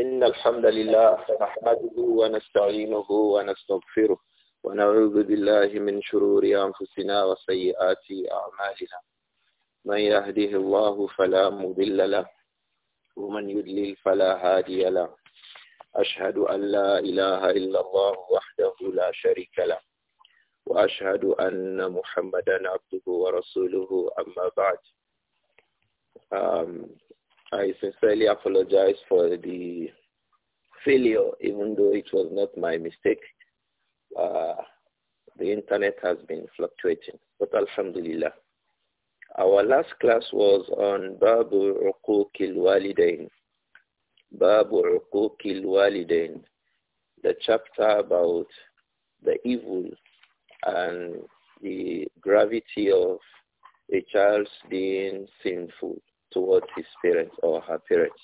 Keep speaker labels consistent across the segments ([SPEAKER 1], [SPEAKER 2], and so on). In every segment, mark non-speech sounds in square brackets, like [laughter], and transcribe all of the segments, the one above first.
[SPEAKER 1] إن الحمد لله نحمده ونستعينه ونستغفره ونعوذ بالله من شرور أنفسنا وسيئات أعمالنا من يهده الله فلا مضل له ومن يدلل فلا هادي له أشهد أن لا إله إلا الله وحده لا شريك له وأشهد أن محمدا عبده ورسوله أما بعد I sincerely apologize for the failure, even though it was not my mistake. Uh, the internet has been fluctuating, but alhamdulillah. Our last class was on Babu rukukil Walidain. Babu rukukil Walidain, the chapter about the evil and the gravity of a child's being sinful towards his parents or her parents.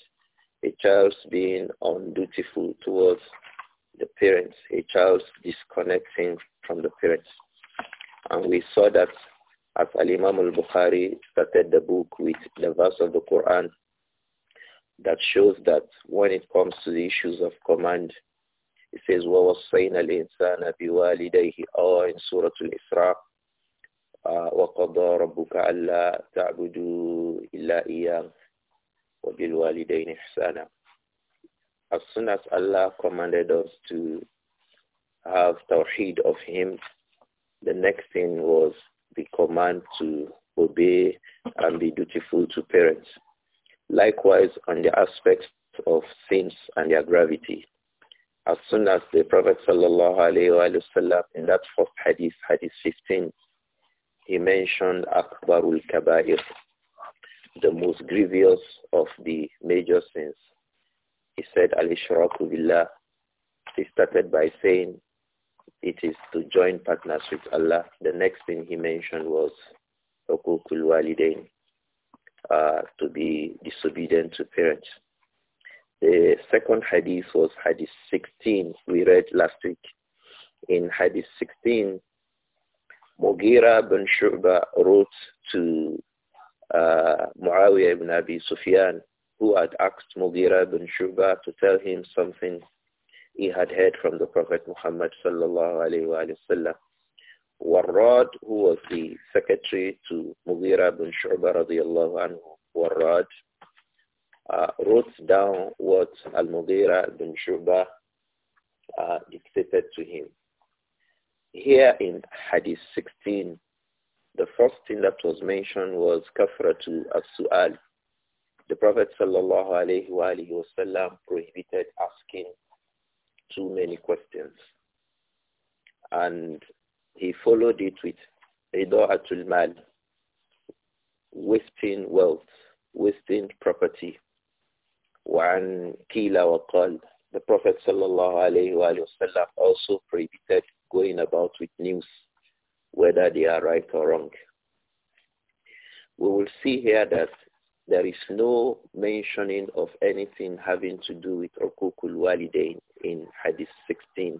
[SPEAKER 1] A child's being undutiful towards the parents, a child's disconnecting from the parents. And we saw that as Al-Imam al-Bukhari started the book with the verse of the Quran that shows that when it comes to the issues of command, it says, وَوَصَّيْنَا الْإِنسَانَ بِوَالِدَيْهِ Or in Surah Al-Isra, وقضى ربك ألا تعبدوا إلا إياه وبالوالدين إحسانا As soon as Allah commanded us to have tawheed of him, the next thing was the command to obey and be dutiful to parents. Likewise, on the aspects of sins and their gravity. As soon as the Prophet sallallahu alaihi wasallam in that first hadith, hadith 15, he mentioned Akbarul Kabair, the most grievous of the major sins. He said al Billah. He started by saying it is to join partners with Allah. The next thing he mentioned was Hukukul Walidain, uh, to be disobedient to parents. The second hadith was hadith 16 we read last week. In hadith 16, Mughira bin Shu'ba wrote to uh, Muawiyah ibn Abi Sufyan, who had asked Mughira bin Shu'ba to tell him something he had heard from the Prophet Muhammad sallallahu alayhi wa sallam. Warrad, who was the secretary to Mughira bin Shu'ba radiallahu anhu, Warrad, uh, wrote down what Al-Mughira bin Shu'ba uh, dictated to him. Here in Hadith 16, the first thing that was mentioned was kafratu as-su'al. The Prophet sallallahu alayhi wa wasallam prohibited asking too many questions. And he followed it with ida'atul mal, wasting wealth, wasting property. وعن كيل وقال the Prophet sallallahu alayhi wa sallam also prohibited going about with news, whether they are right or wrong. We will see here that there is no mentioning of anything having to do with Ukukul Walidain in Hadith 16.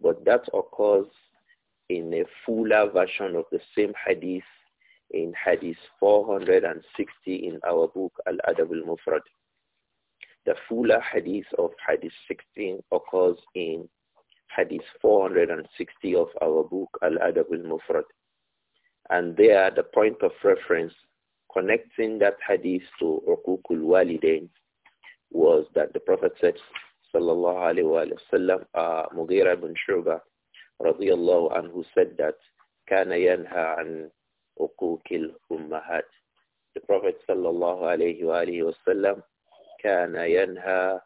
[SPEAKER 1] But that occurs in a fuller version of the same Hadith in Hadith 460 in our book Al-Adab al-Mufrad. The fuller Hadith of Hadith 16 occurs in hadith 460 of our book Al-Adab al-Mufrad. And there, the point of reference connecting that hadith to Uqukul Walidain was that the Prophet said, Sallallahu Alaihi Wasallam, uh, Mughira ibn Shuba, radiallahu anhu, said that, كان ينهى عن عقوق الأمهات. The Prophet Sallallahu Alaihi Wasallam, كان ينهى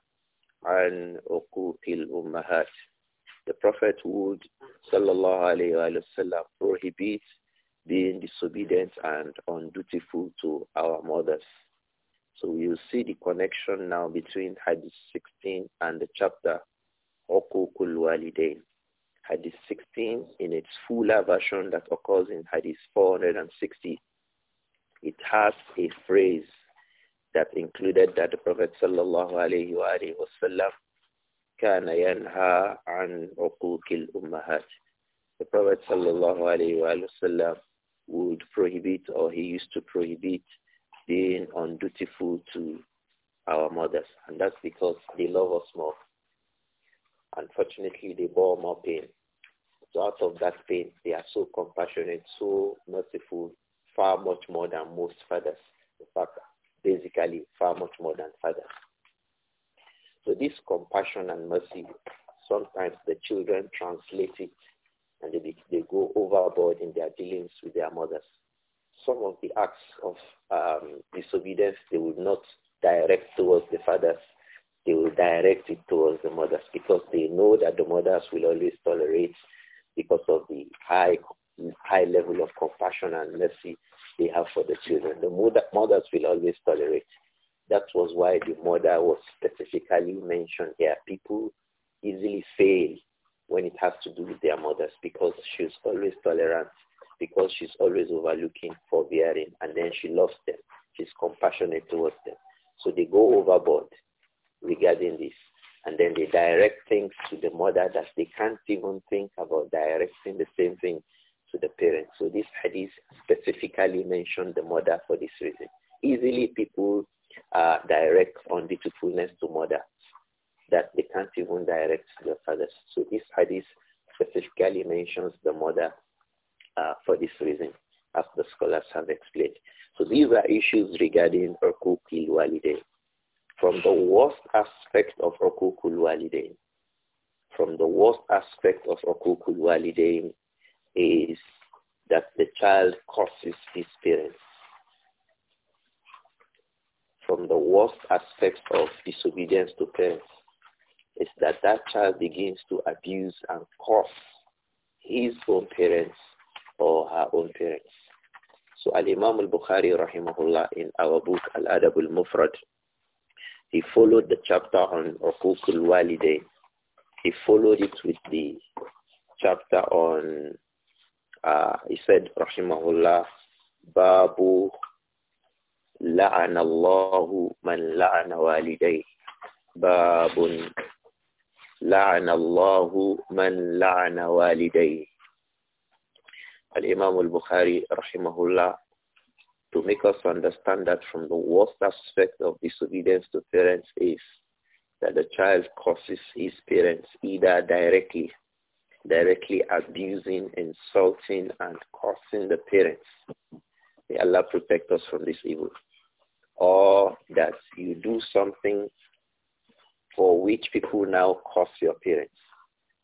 [SPEAKER 1] عن عقوق الأمهات the Prophet would, sallallahu alayhi wasallam, prohibit being disobedient and undutiful to our mothers. So you see the connection now between Hadith 16 and the chapter Okukul Walidain. Hadith 16 in its fuller version that occurs in Hadith 460. It has a phrase that included that the Prophet sallallahu alayhi wa كان ينهى عن عقوق الأمهات. The Prophet sallallahu would prohibit or he used to prohibit being undutiful to our mothers. And that's because they love us more. Unfortunately, they bore more pain. So out of that pain, they are so compassionate, so merciful, far much more than most fathers. In fact, basically far much more than fathers. So this compassion and mercy, sometimes the children translate it and they, they go overboard in their dealings with their mothers. Some of the acts of um, disobedience, they will not direct towards the fathers. They will direct it towards the mothers because they know that the mothers will always tolerate because of the high high level of compassion and mercy they have for the children. The mother, mothers will always tolerate. That was why the mother was specifically mentioned here. People easily fail when it has to do with their mothers because she's always tolerant, because she's always overlooking, forbearing, and then she loves them. She's compassionate towards them. So they go overboard regarding this. And then they direct things to the mother that they can't even think about directing the same thing to the parents. So this hadith specifically mentioned the mother for this reason. Easily people uh, direct undutifulness to mother, that they can't even direct the fathers. So this hadith specifically mentions the mother uh, for this reason, as the scholars have explained. So these are issues regarding Urkukul Walidain. From the worst aspect of Urkukul Walidain, from the worst aspect of Urkukul Walidain is that the child curses his parents from the worst aspects of disobedience to parents is that that child begins to abuse and curse his own parents or her own parents. So Al-Imam al-Bukhari rahimahullah in our book Al-Adab al-Mufrad, he followed the chapter on Uquq al-Walidain. He followed it with the chapter on, uh, he said rahimahullah, Babu لعن الله من لعن والديه باب لعن الله من لعن والديه Al-Imam al-Bukhari rahimahullah to make us understand that from the worst aspect of disobedience to parents is that the child causes his parents either directly, directly abusing, insulting, and cursing the parents. May Allah protect us from this evil or that you do something for which people now curse your parents.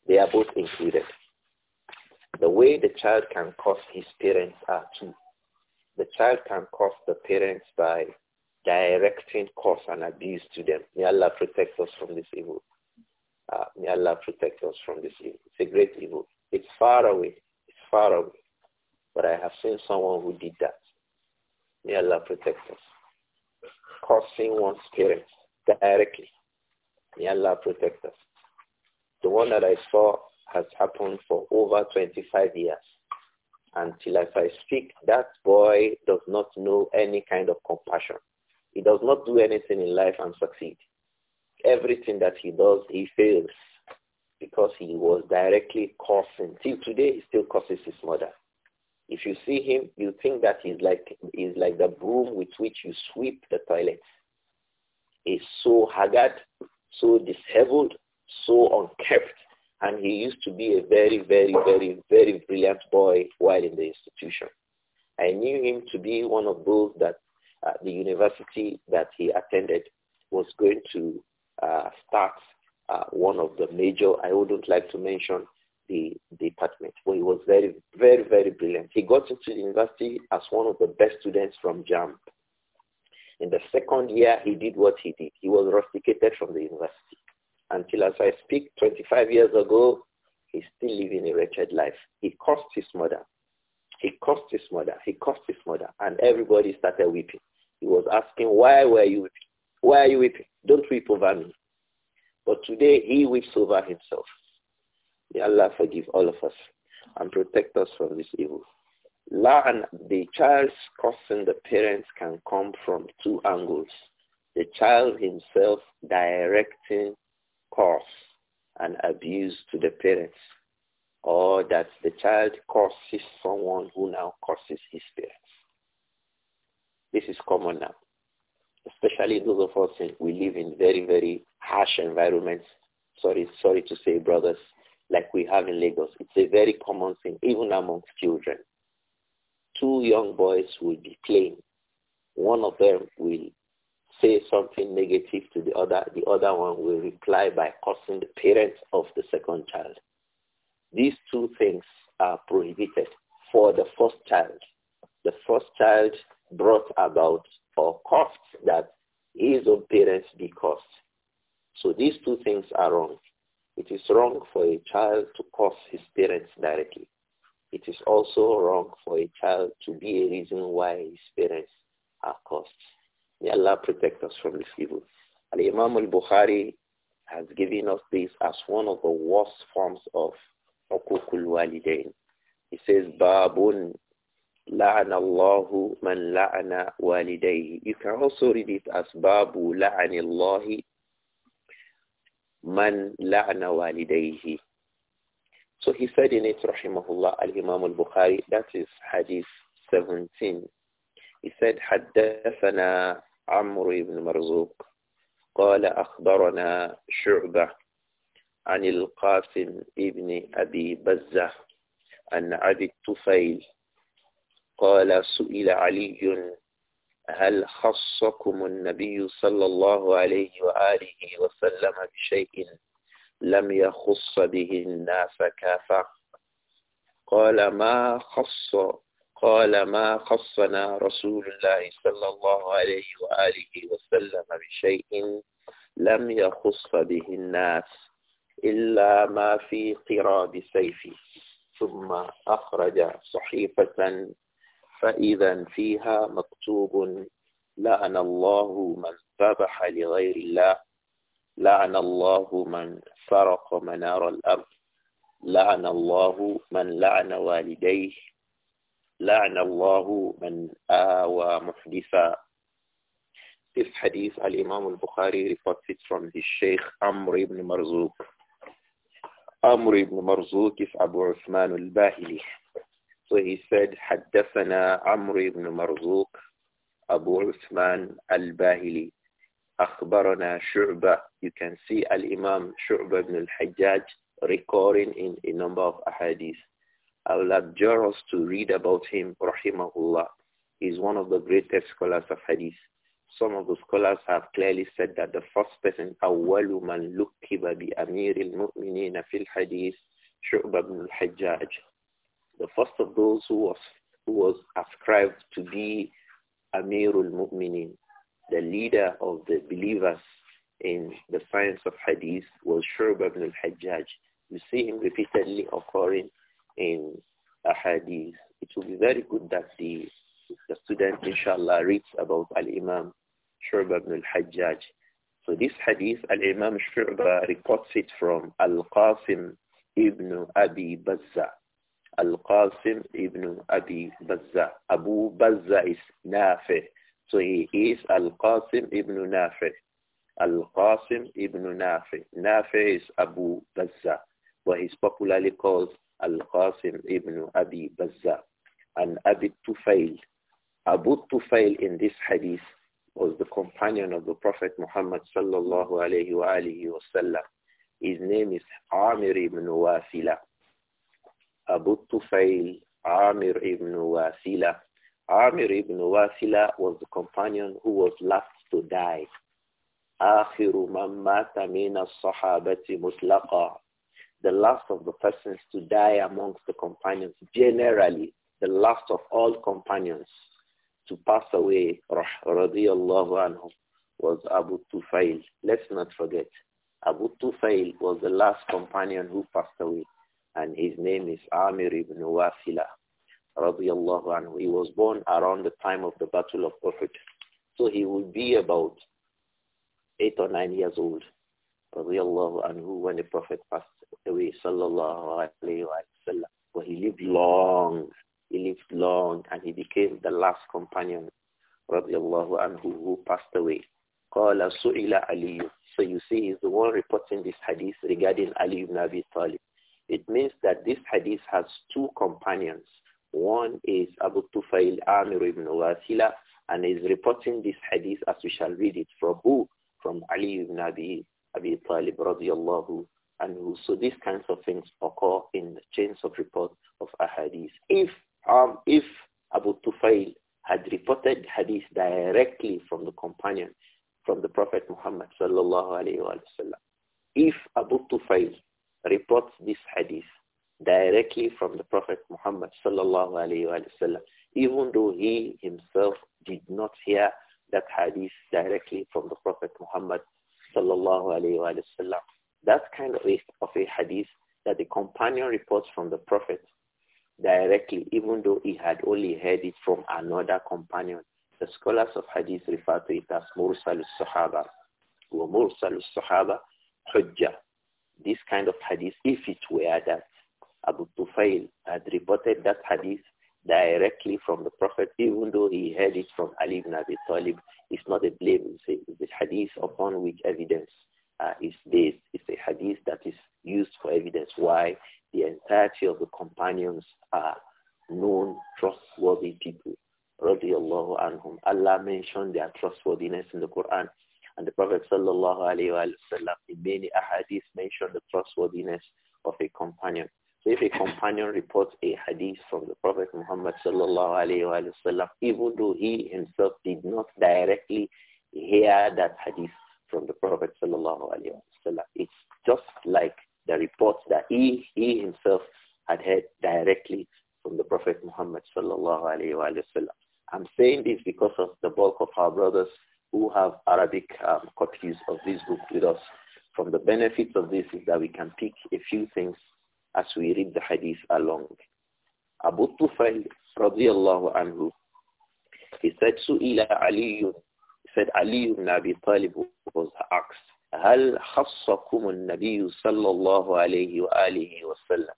[SPEAKER 1] They are both included. The way the child can curse his parents are two. The child can curse the parents by directing curse and abuse to them. May Allah protect us from this evil. Uh, may Allah protect us from this evil. It's a great evil. It's far away. It's far away. But I have seen someone who did that. May Allah protect us cursing one's parents directly. May Allah protect us. The one that I saw has happened for over 25 years. Until as I speak, that boy does not know any kind of compassion. He does not do anything in life and succeed. Everything that he does, he fails because he was directly cursing. Till today, he still curses his mother. If you see him, you think that he's like, he's like the broom with which you sweep the toilets. He's so haggard, so disheveled, so unkempt, And he used to be a very, very, very, very brilliant boy while in the institution. I knew him to be one of those that uh, the university that he attended was going to uh, start uh, one of the major, I wouldn't like to mention the department. But he was very, very, very brilliant. He got into the university as one of the best students from JAMP. In the second year, he did what he did. He was rusticated from the university. Until as I speak, 25 years ago, he's still living a wretched life. He cursed his mother. He cursed his mother. He cursed his mother. And everybody started weeping. He was asking, why were you weeping? Why are you weeping? Don't weep over me. But today, he weeps over himself. May Allah forgive all of us and protect us from this evil. the child's causing the parents can come from two angles. The child himself directing curse and abuse to the parents or that the child curses someone who now curses his parents. This is common now, especially those of us in, we live in very, very harsh environments. Sorry, sorry to say, brothers like we have in Lagos. It's a very common thing, even amongst children. Two young boys will be playing. One of them will say something negative to the other. The other one will reply by cursing the parents of the second child. These two things are prohibited for the first child. The first child brought about or caused that his own parents be cursed. So these two things are wrong. It is wrong for a child to curse his parents directly. It is also wrong for a child to be a reason why his parents are cursed. May Allah protect us from this evil. Al-Imam al-Bukhari has given us this as one of the worst forms of uqukul walidain. He says, Babun Allahu man من لعن والديه. You can also read it as Babu لعن الله من لعن والديه So he said in it, rahimahullah, al-Imam al-Bukhari, that is hadith 17. He said, حدثنا عمرو ibn مرزوق قال أخبرنا شعبة عن القاسم ibn Abi بزة عن أبي Tufayl, قال سئل علي هل خصكم النبي صلى الله عليه وآله وسلم بشيء لم يخص به الناس كافة قال ما خص قال ما خصنا رسول الله صلى الله عليه وآله وسلم بشيء لم يخص به الناس إلا ما في قراب سيفه ثم أخرج صحيفة فإذا فيها مكتوب لعن الله من ذبح لغير الله لعن الله من سرق منار الأرض لعن الله من لعن والديه لعن الله من آوى محدثا This hadith Al-Imam Al-Bukhari reports it from his Sheikh Amr ibn Marzouk. Amr ibn Marzouk is Abu Uthman Al-Bahili. So he said, حدثنا عمرو بن مرزوق أبو عثمان الباهلي أخبرنا شعبة You can see Al-Imam شعبة بن الحجاج recording in a number of ahadith. I will abjure us to read about him, rahimahullah. He is one of the greatest scholars of hadith. Some of the scholars have clearly said that the first person, أول من لقب بأمير المؤمنين في الحديث شعبة بن الحجاج the first of those who was, who was ascribed to be Amirul Mu'minin, the leader of the believers in the science of hadith was Shurba ibn al-Hajjaj. You see him repeatedly occurring in a hadith. It will be very good that the, the student, inshallah, reads about al-Imam Shurba ibn al-Hajjaj. So this hadith, al-Imam Shurba reports it from al-Qasim ibn Abi Bazza. Al-Qasim ibn Abi Bazza. Abu Bazza is Nafi. So he is Al-Qasim ibn Nafi. Al-Qasim ibn Nafi. Nafi is Abu Bazza. But he's popularly called Al-Qasim ibn Abi Bazza. And Abi Tufail. Abu Tufail in this hadith was the companion of the Prophet Muhammad sallallahu alayhi wa alihi His name is Amir ibn Wasila. Abu Tufail Amir ibn Wasila. Amir ibn Wasila was the companion who was last to die. the last of the persons to die amongst the companions, generally the last of all companions to pass away, radiallahu anhu, was Abu Tufail. Let's not forget, Abu Tufail was the last companion who passed away and his name is Amir ibn Wafila. Radiallahu anhu. He was born around the time of the Battle of Uhud. So he would be about eight or nine years old. Radiallahu anhu when the Prophet passed away. Sallallahu alayhi wa But he lived long. He lived long and he became the last companion. Radiallahu anhu who passed away. قال سئل علي. So you see he's the one reporting this hadith regarding Ali ibn Abi Talib. It means that this hadith has two companions. One is Abu Tufail Amir ibn Wasila and is reporting this hadith as we shall read it from who? From Ali ibn Abi, Abi Talib radiallahu anhu. So these kinds of things occur in the chains of report of hadith. If, um, if Abu Tufail had reported hadith directly from the companion, from the Prophet Muhammad sallallahu alayhi wa sallam, if Abu Tufail reports this hadith directly from the Prophet Muhammad sallallahu alayhi wa even though he himself did not hear that hadith directly from the Prophet Muhammad sallallahu alayhi wa That kind of a, of a hadith that the companion reports from the Prophet directly, even though he had only heard it from another companion. The scholars of hadith refer to it as mursal sahaba or al sahaba hujjah this kind of hadith, if it were that Abu Tufail had reported that hadith directly from the Prophet, even though he heard it from Ali ibn Abi Talib, it's not a blame. It's a, it's a hadith upon which evidence uh, is based. It's a hadith that is used for evidence why the entirety of the companions are known trustworthy people. Allah mentioned their trustworthiness in the Quran. And the Prophet sallallahu alayhi wa sallam in many ahadith mentioned the trustworthiness of a companion. So if a companion reports a hadith from the Prophet Muhammad sallallahu alayhi wa sallam, even though he himself did not directly hear that hadith from the Prophet sallallahu alayhi wa sallam, it's just like the reports that he, he himself had heard directly from the Prophet Muhammad sallallahu alayhi wa sallam. I'm saying this because of the bulk of our brothers who have Arabic um, copies of this book with us. From the benefits of this is that we can pick a few things as we read the hadith along. Abu Tufail radiallahu anhu, he said, Su'ila he said Ali ibn Abi Talib was asked, هل خصكم النبي صلى الله عليه وآله وسلم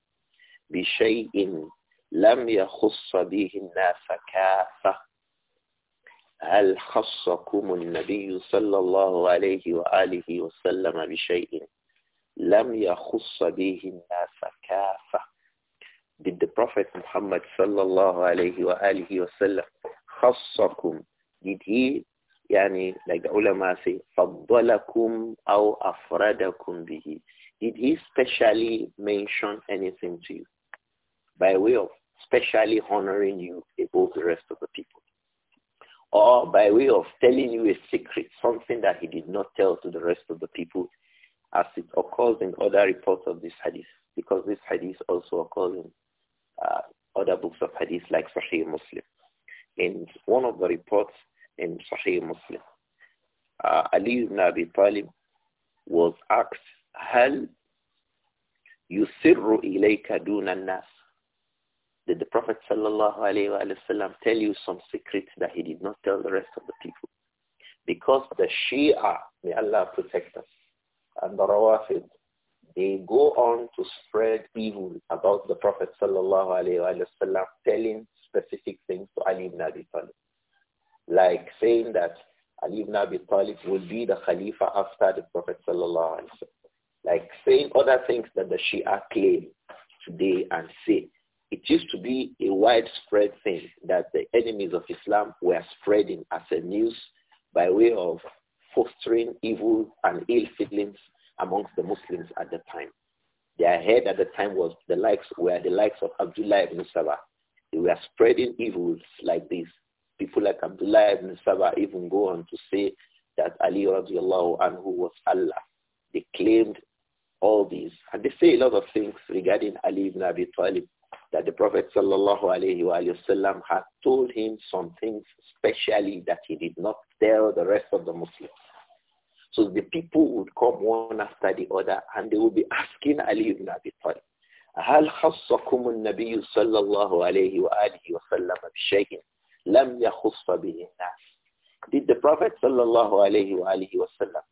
[SPEAKER 1] بشيء لم يخص به الناس كافة هل خصكم النبي صلى الله عليه وآله وسلم بشيء لم يخص به الناس كافة Did the Prophet Muhammad صلى الله عليه وآله وسلم خصكم Did he يعني like the ulama say فضلكم أو أفردكم به Did he specially mention anything to you by way of specially honoring you above the rest of the people? or by way of telling you a secret, something that he did not tell to the rest of the people, as it occurs in other reports of this hadith, because this hadith also occurs in uh, other books of hadith like Sahih Muslim. In one of the reports in Sahih Muslim, uh, Ali ibn Abi Talib was asked, هل يسر إليك دون الناس did the Prophet sallallahu tell you some secrets that he did not tell the rest of the people? Because the Shia, may Allah protect us, and the Rawafid, they go on to spread evil about the Prophet sallallahu telling specific things to Ali ibn Abi Talib. Like saying that Ali ibn Abi Talib will be the Khalifa after the Prophet sallallahu Like saying other things that the Shia claim today and say it used to be a widespread thing that the enemies of Islam were spreading as a news by way of fostering evil and ill feelings amongst the Muslims at the time. Their head at the time was the likes were the likes of Abdullah ibn Sabah. They were spreading evils like this. People like Abdullah ibn Sabah even go on to say that Ali radiallahu anhu was Allah. They claimed all these. And they say a lot of things regarding Ali ibn Abi Talib that the Prophet sallallahu alayhi had told him some things specially that he did not tell the rest of the Muslims. So the people would come one after the other and they would be asking Ali ibn Abi Talib, هل خصكم النبي صلى الله عليه وآله وسلم بشيء لم يخص به الناس Did the Prophet sallallahu alayhi wasallam,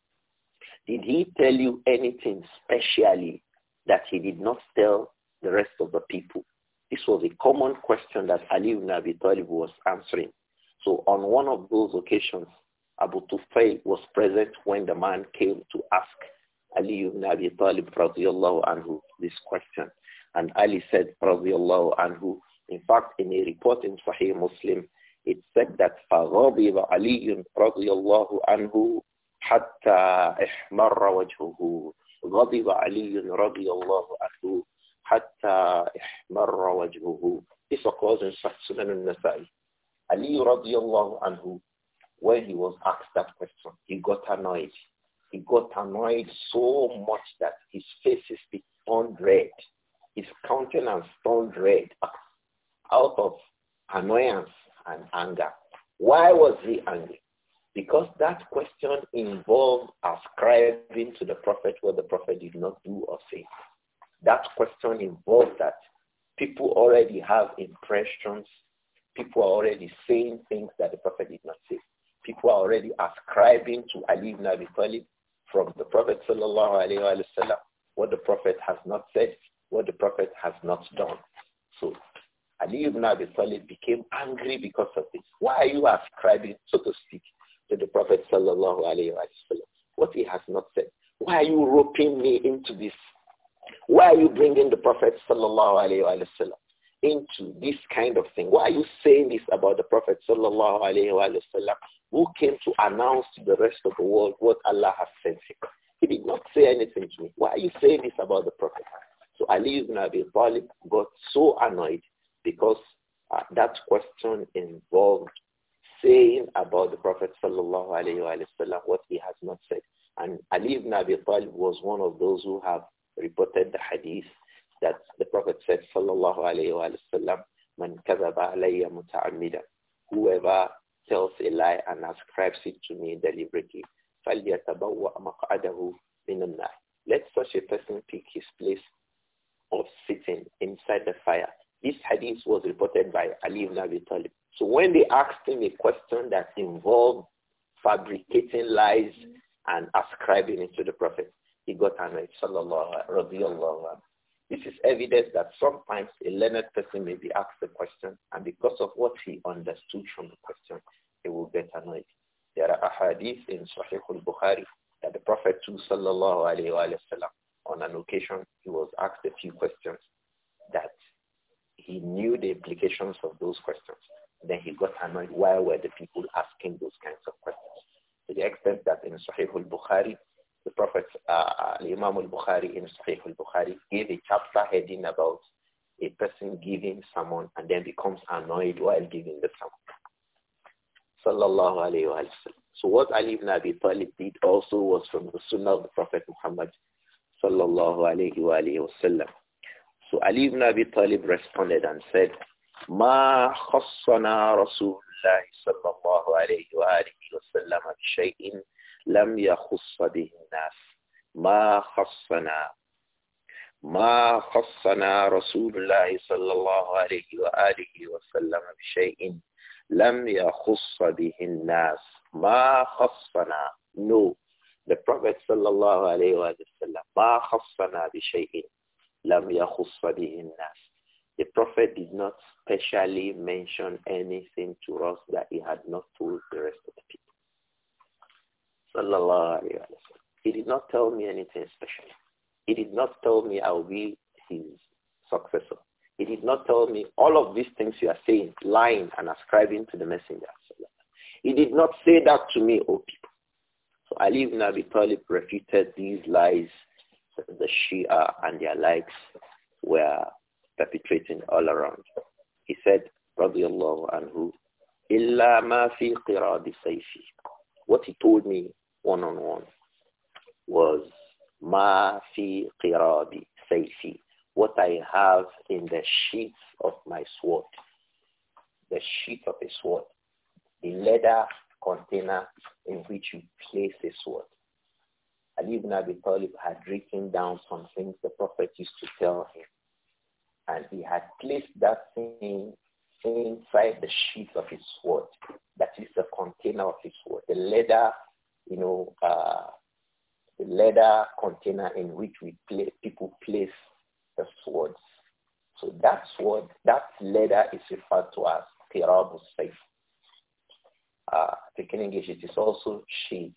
[SPEAKER 1] did he tell you anything specially that he did not tell the rest of the people? This was a common question that Ali ibn Abi Talib was answering. So on one of those occasions, Abu Tufayl was present when the man came to ask Ali ibn Abi Talib anhu this question. And Ali said radiallahu anhu, in fact, in a report in Sahih Muslim, it said that فَغَضِبَ عَلِيٌّ رَضِيَ اللَّهُ عَنْهُ حَتَّى احمر وجهه غضب علي رضي الله عنه حتى احمر وجهه This occurs in Sunan al-Nasai. Ali radiallahu anhu, when he was asked that question, he got annoyed. He got annoyed so much that his face is turned red. His countenance turned red out of annoyance and anger. Why was he angry? Because that question involved ascribing to the prophet what the prophet did not do or say. That question involves that people already have impressions. People are already saying things that the Prophet did not say. People are already ascribing to Ali ibn Abi Talib from the Prophet sallallahu alayhi wasallam what the Prophet has not said, what the Prophet has not done. So Ali ibn Abi Talib became angry because of this. Why are you ascribing, so to speak, to the Prophet sallallahu alayhi wasallam what he has not said? Why are you roping me into this? Why are you bringing the Prophet sallallahu alayhi wa sallam into this kind of thing? Why are you saying this about the Prophet sallallahu alayhi wa sallam who came to announce to the rest of the world what Allah has sent him? He did not say anything to me. Why are you saying this about the Prophet? So Ali ibn Abi Talib got so annoyed because uh, that question involved saying about the Prophet sallallahu alayhi wa sallam what he has not said. And Ali ibn Abi Talib was one of those who have reported the hadith that the Prophet said, Sallallahu Alaihi Wasallam, Man kazaba alayya muta'amida. Whoever tells a lie and ascribes it to me deliberately, فَلْيَتَبَوَّأْ مَقْعَدَهُ مِنَ النَّارِ Let such a person pick his place of sitting inside the fire. This hadith was reported by Ali ibn Abi Talib. So when they asked him a question that involved fabricating lies and ascribing it to the Prophet, he got annoyed, sallallahu This is evidence that sometimes a learned person may be asked a question, and because of what he understood from the question, he will get annoyed. There are ahadith in Sahih al-Bukhari that the Prophet too, sallallahu alayhi wa sallam, on an occasion, he was asked a few questions that he knew the implications of those questions. Then he got annoyed. Why were the people asking those kinds of questions? To the extent that in Sahih al-Bukhari, the Prophet, uh, uh, Imam al-Bukhari in Sahih al-Bukhari gave a chapter heading about a person giving someone and then becomes annoyed while giving the someone. Sallallahu alayhi wa So what Ali ibn Abi Talib did also was from the Sunnah of the Prophet Muhammad sallallahu alayhi wa sallam. So Ali ibn Abi Talib responded and said, ما خصنا رسول الله صلى الله عليه وآله وسلم بشيء لم يخص به الناس ما خصنا ما خصنا رسول الله صلى الله عليه وآله وسلم بشيء لم يخص به الناس ما خصنا no the prophet صلى الله عليه وسلم ما خصنا بشيء لم يخص به الناس the prophet did not specially mention anything to us that he had not told the rest of the people Sallallahu alayhi wa He did not tell me anything special. He did not tell me I'll be his successor. He did not tell me all of these things you are saying, lying and ascribing to the messenger. He did not say that to me, O oh people. So Ali ibn Abi Talib refuted these lies that the Shia and their likes were perpetrating all around. He said, radiallahu anhu, illa ma fi qiradi sayfi. What he told me one-on-one was ma fi qirabi sayfi, what I have in the sheath of my sword, the sheath of a sword, the leather container in which you place a sword. Ali ibn Abi Talib had written down some things the Prophet used to tell him. And he had placed that thing inside the sheath of his sword. That is the container of his sword, the leather you know, uh, leather container in which we play, people place the swords. So that sword, that leather is referred to as The Uh, in English, it is also sheath.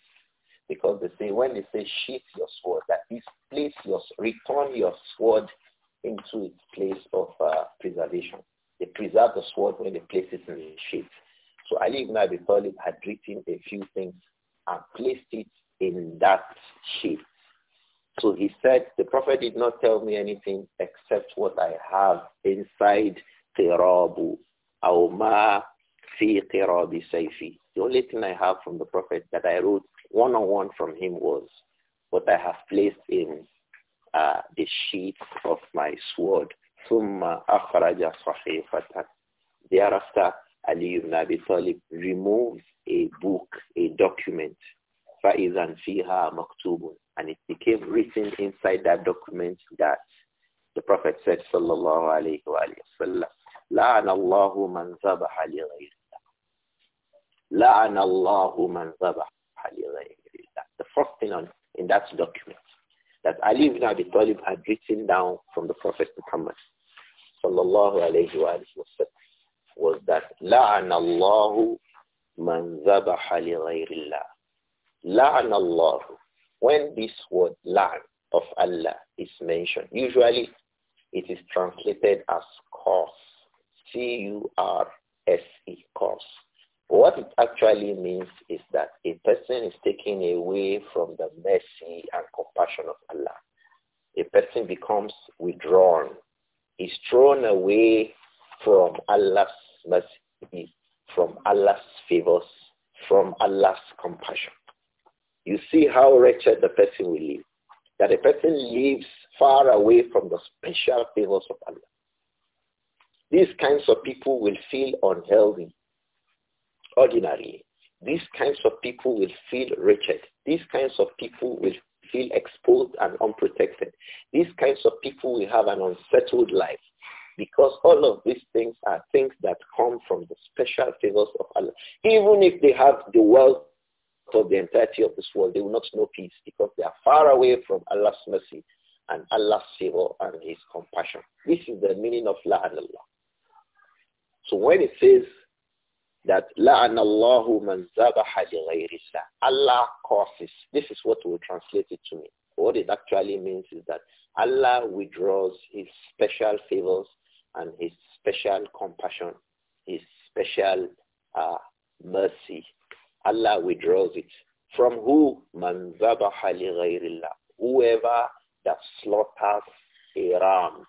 [SPEAKER 1] Because they say, when they say sheath your sword, that is place your, return your sword into its place of uh, preservation. They preserve the sword when they place it in the sheath. So Ali ibn Abi Talib had written a few things and placed it in that sheath. So he said, the Prophet did not tell me anything except what I have inside Tirabu, Auma fi Tirabi Saifi. The only thing I have from the Prophet that I wrote one-on-one from him was what I have placed in uh, the sheath of my sword. Summa akhraja sahifatan. Thereafter, Ali ibn Abi Talib removed a book, a document, فَإِذَنْ فِيهَا مَكْتُوبٌ And it became written inside that document that the Prophet said, sallallahu alayhi wa sallam, لَعَنَ Allahu مَنْ ذَبَحَ لِغَيْرِ La لَعَنَ Allahu Manzabah ذَبَحَ لِغَيْرِ اللَّهِ The first thing on, in that document that Ali ibn Abi Talib had written down from the Prophet Muhammad, sallallahu alayhi wa sallam was that لَعَنَ Allahu man ذَبَحَ li اللَّهِ لَعَنَ اللَّهُ When this word la' of Allah is mentioned, usually it is translated as curse, C-U-R-S-E, curse. What it actually means is that a person is taken away from the mercy and compassion of Allah. A person becomes withdrawn, is thrown away from Allah's mercy, from Allah's favors, from Allah's compassion. You see how wretched the person will live. That a person lives far away from the special favors of Allah. These kinds of people will feel unhealthy, Ordinary. These kinds of people will feel wretched. These kinds of people will feel exposed and unprotected. These kinds of people will have an unsettled life. Because all of these things are things that come from the special favors of Allah. Even if they have the wealth of the entirety of this world, they will not know peace because they are far away from Allah's mercy and Allah's favor and his compassion. This is the meaning of La Allah. So when it says that La man zabaha Allah causes. This is what will translate it to me. What it actually means is that Allah withdraws his special favors and his special compassion, his special uh, mercy. Allah withdraws it. From who? Man Whoever that slaughters a ram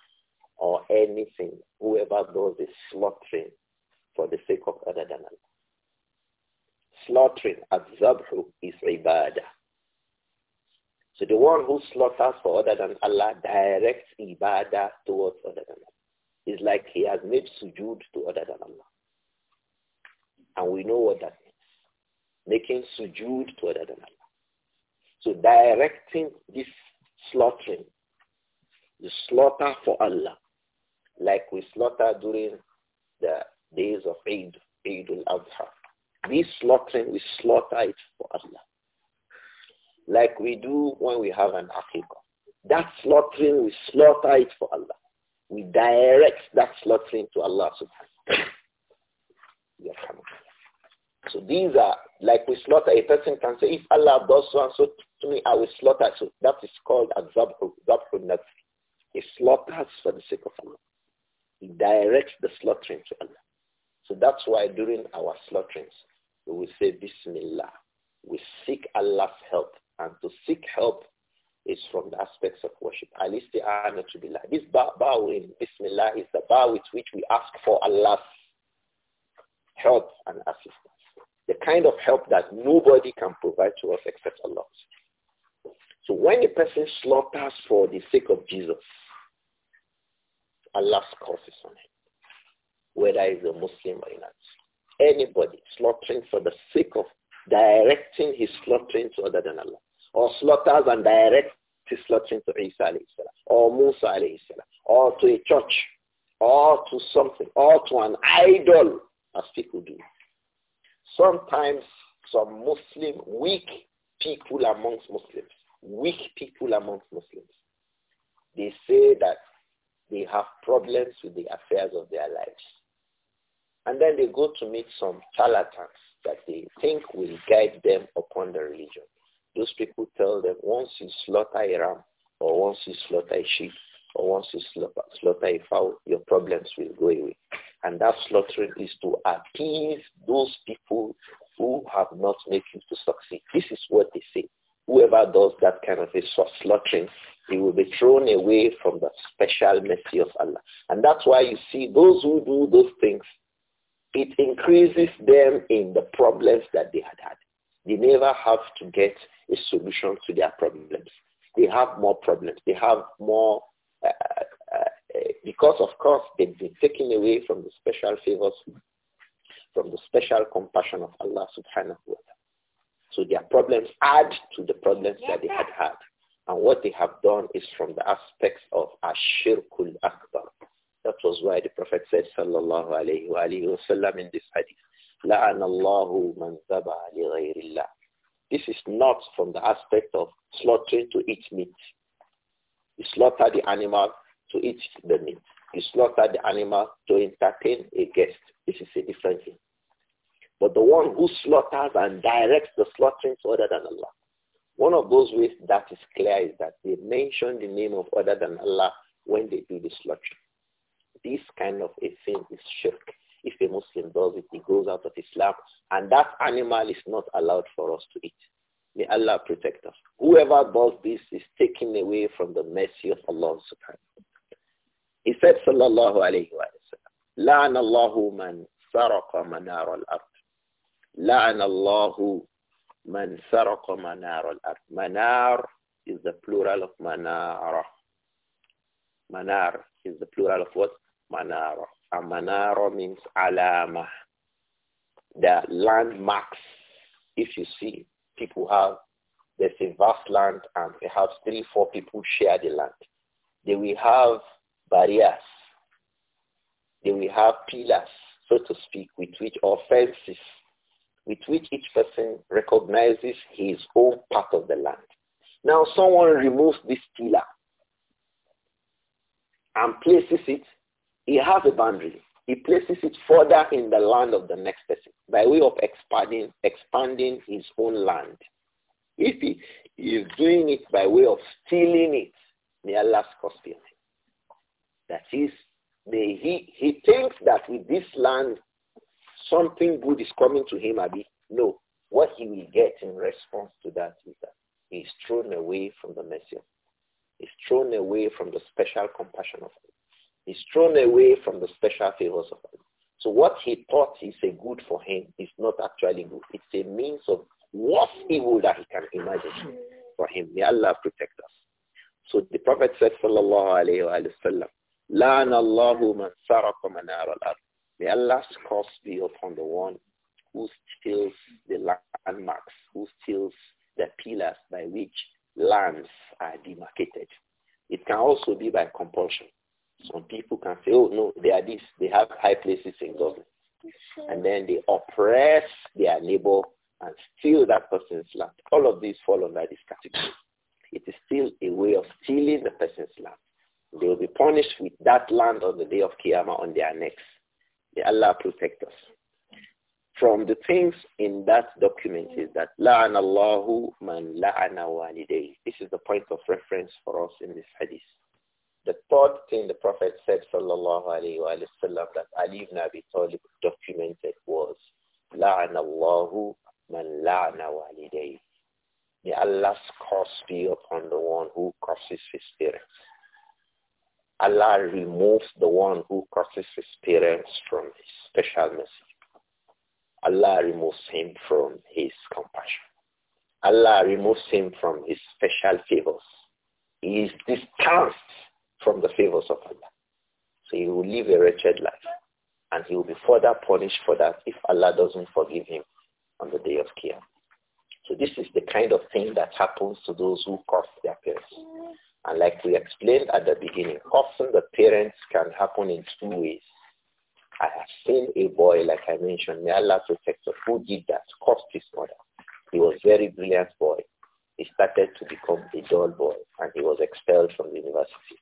[SPEAKER 1] or anything, whoever does the slaughtering for the sake of other than Allah. Slaughtering at Zabhu is ibadah. So the one who slaughters for other than Allah directs ibadah towards other than Allah. It's like he has made sujood to other than Allah. And we know what that means. Making sujood to other than Allah. So directing this slaughtering, the slaughter for Allah, like we slaughter during the days of Eid, Eid al-Adha. This slaughtering, we slaughter it for Allah. Like we do when we have an aqiqah. That slaughtering, we slaughter it for Allah. We direct that slaughtering to Allah subhanahu wa ta'ala. So these are, like we slaughter, a person can say, if Allah does so and so to me, I will slaughter. So that is called a zabhu, zabhu He slaughters for the sake of Allah. He directs the slaughtering to Allah. So that's why during our slaughterings, we will say Bismillah. We seek Allah's help. And to seek help is from the aspects of worship. Al-Isti'anah to Billah. This Bowing, Bismillah is the bow with which we ask for Allah's help and assistance. The kind of help that nobody can provide to us except Allah. So when a person slaughters for the sake of Jesus, Allah's cause is on him, whether he's a Muslim or not. Anybody slaughtering for the sake of directing his slaughtering to other than Allah slaughters and directs his slaughtering to Isa salam, or Musa salam, or to a church, or to something, or to an idol, as people do. Sometimes some Muslim, weak people amongst Muslims, weak people amongst Muslims, they say that they have problems with the affairs of their lives. And then they go to meet some charlatans that they think will guide them upon the religion. Those people tell them once you slaughter a ram, or once you slaughter a sheep, or once you slaughter a fowl, your problems will go away. And that slaughtering is to appease those people who have not made you to succeed. This is what they say. Whoever does that kind of a slaughtering, he will be thrown away from the special mercy of Allah. And that's why you see those who do those things, it increases them in the problems that they had had. They never have to get a solution to their problems. They have more problems. They have more, uh, uh, uh, because of course they've been taken away from the special favors, from the special compassion of Allah subhanahu wa ta'ala. So their problems add to the problems that they had had. And what they have done is from the aspects of ashirkul akbar. That was why the Prophet said, sallallahu alayhi wa, sallam, in this hadith, this is not from the aspect of slaughtering to eat meat. You slaughter the animal to eat the meat. You slaughter the animal to entertain a guest. This is a different thing. But the one who slaughters and directs the slaughtering to other than Allah. One of those ways that is clear is that they mention the name of other than Allah when they do the slaughtering. This kind of a thing is shirk. If a Muslim does it, he goes out of Islam. And that animal is not allowed for us to eat. May Allah protect us. Whoever does this is taken away from the mercy of Allah subhanahu He said, sallallahu alayhi wa sallam, لَعَنَ اللَّهُ مَنْ سَرَقَ مَنَارَ الْأَرْضِ Allahu man مَنْ manar al-ard. Manar is the plural of manara. Manar is the plural of what? Manara. Amanaro means alama, the landmarks. If you see people have, there's a vast land and perhaps three, four people share the land. They will have barriers. They will have pillars, so to speak, with which fences, with which each person recognizes his own part of the land. Now someone removes this pillar and places it he has a boundary. He places it further in the land of the next person by way of expanding, expanding his own land. If he, is doing it by way of stealing it, may Allah's curse be on him. That is, may he, he thinks that with this land, something good is coming to him, Abi. No. What he will get in response to that is that he is thrown away from the mercy. He's thrown away from the special compassion of God. Is thrown away from the special favors of Allah. So what he thought is a good for him is not actually good. It's a means of worst evil that he can imagine for him. May Allah protect us. So the Prophet said, Sallallahu Alaihi Wasallam, لَعَنَ اللَّهُ مَنْ سَرَقَ مَنَارَ الْأَرْضِ May Allah's curse be upon the one who steals the landmarks, who steals the pillars by which lands are demarcated. It can also be by compulsion. Some people can say, oh no, they are this. They have high places in government. And then they oppress their neighbor and steal that person's land. All of these fall under this category. It is still a way of stealing the person's land. They will be punished with that land on the day of Qiyamah on their necks. May Allah protect us. From the things in that document is that لَعَنَ اللَّهُ man لَعَنَ وَالِدَيْهِ This is the point of reference for us in this hadith. The third thing the Prophet said, sallallahu alayhi wa sallam, that Ali ibn Abi Talib documented was, لَعْنَ اللَّهُ مَنْ la وَالِدَيْهِ May Allah's curse be upon the one who curses his parents. Allah removes the one who curses his parents from his special mercy. Allah removes him from his compassion. Allah removes him from his special favors. He is distanced from the favors of Allah. So he will live a wretched life and he will be further punished for that if Allah doesn't forgive him on the day of Qiyam. So this is the kind of thing that happens to those who curse their parents. And like we explained at the beginning, often the parents can happen in two ways. I have seen a boy, like I mentioned, may Allah protect us, who did that, cursed his mother. He was a very brilliant boy. He started to become a dull boy and he was expelled from the university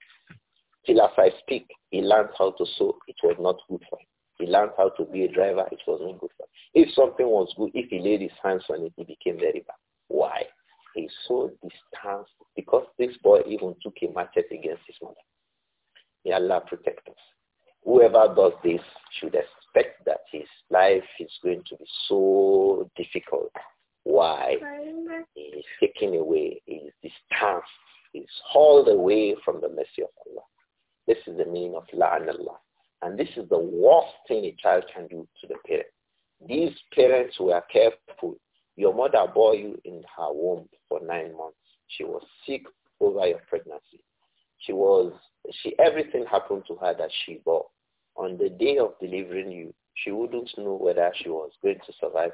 [SPEAKER 1] Still as I speak, he learns how to sew. It was not good for him. He learned how to be a driver. It was not good for him. If something was good, if he laid his hands on it, he became very bad. Why? He's so distanced because this boy even took a machete against his mother. May Allah protect us. Whoever does this should expect that his life is going to be so difficult. Why? He is taken away. He is distanced. He is hauled away from the mercy of is the meaning of la'anallah. And this is the worst thing a child can do to the parent. These parents were careful. Your mother bore you in her womb for nine months. She was sick over your pregnancy. She was, she, everything happened to her that she bore. On the day of delivering you, she wouldn't know whether she was going to survive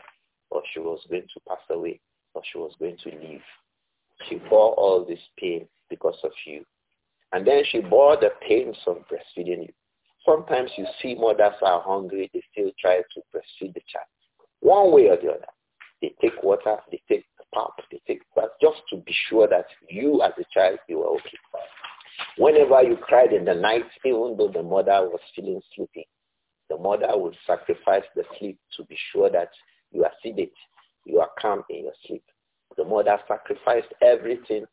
[SPEAKER 1] or she was going to pass away or she was going to live. She bore all this pain then she bore the pains of breastfeeding you. Sometimes you see mothers are hungry, they still try to breastfeed the child. One way or the other. They take water, they take the pump, they take bath, just to be sure that you as a child, you are okay. Whenever you cried in the night, even though the mother was feeling sleepy, the mother would sacrifice the sleep to be sure that you are sedate, you are calm in your sleep. The mother sacrificed everything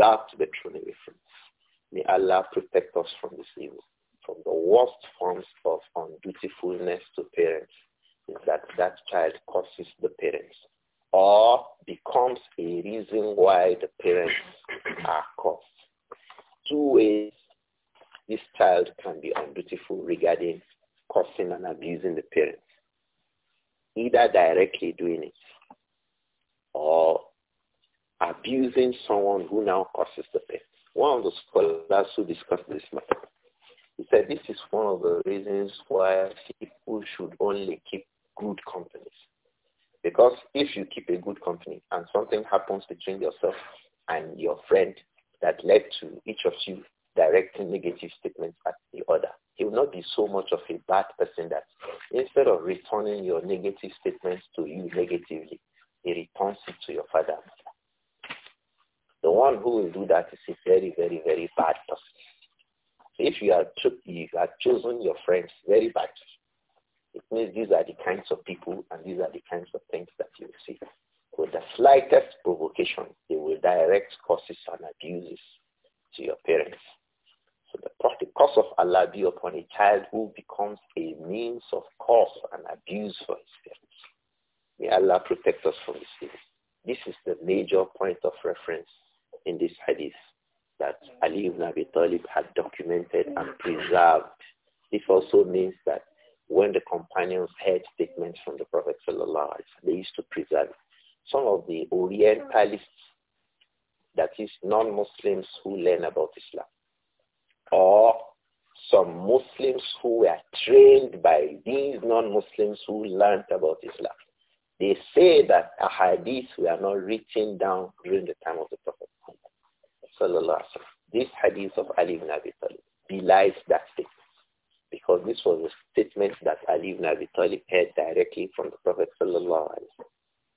[SPEAKER 1] observed that led to each of you directing negative statements at the other. He will not be so much of a bad person that instead of returning your negative statements to you negatively, he returns it to your father. The one who will do that is a very, very, very bad person. So if you are, you have chosen your friends very badly, it means these are the kinds of people and these are the kinds of things that you see. With the slightest provocation, they will direct curses and abuses to your parents. So the, prophet curse of Allah be upon a child who becomes a means of curse and abuse for his parents. May Allah protect us from this. things. This is the major point of reference in this hadith that Ali ibn Abi Talib had documented and preserved. This also means that when the companions heard statements from the Prophet, they used to preserve it some of the Orientalists, that is non-Muslims who learn about Islam, or some Muslims who were trained by these non-Muslims who learned about Islam. They say that ahadith were not written down during the time of the Prophet Muhammad. This hadith of Ali ibn Abi Talib belies that statement because this was a statement that Ali ibn Abi Talib heard directly from the Prophet sallallahu alaihi wasallam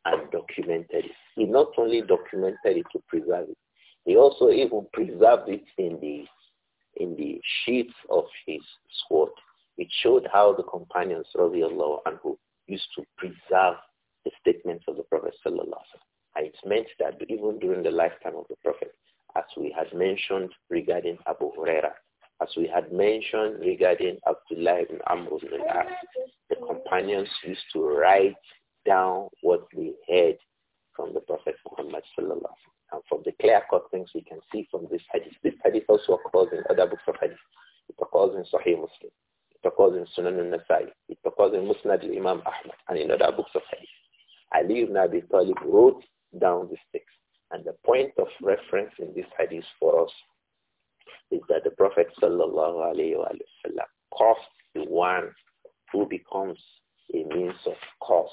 [SPEAKER 1] and documented it. He not only documented it to preserve it, he also even preserved it in the in the sheets of his sword. It showed how the companions of and who used to preserve the statements of the Prophet sallallahu And it meant that even during the lifetime of the Prophet, as we had mentioned regarding Abu Huraira, as we had mentioned regarding Abdullah ibn Amr ibn as the companions used to write down what they heard from the Prophet Muhammad sallallahu and from the clear-cut things we can see from this hadith. This hadith also occurs in other books of hadith. It occurs in Sahih Muslim. It occurs in Sunan al-Nasai. It occurs in Musnad al-Imam Ahmad and in other books of hadith. Ali ibn Abi Talib wrote down these things. And the point of reference in this hadith for us is that the Prophet sallallahu alayhi wa sallam the one who becomes a means of cause.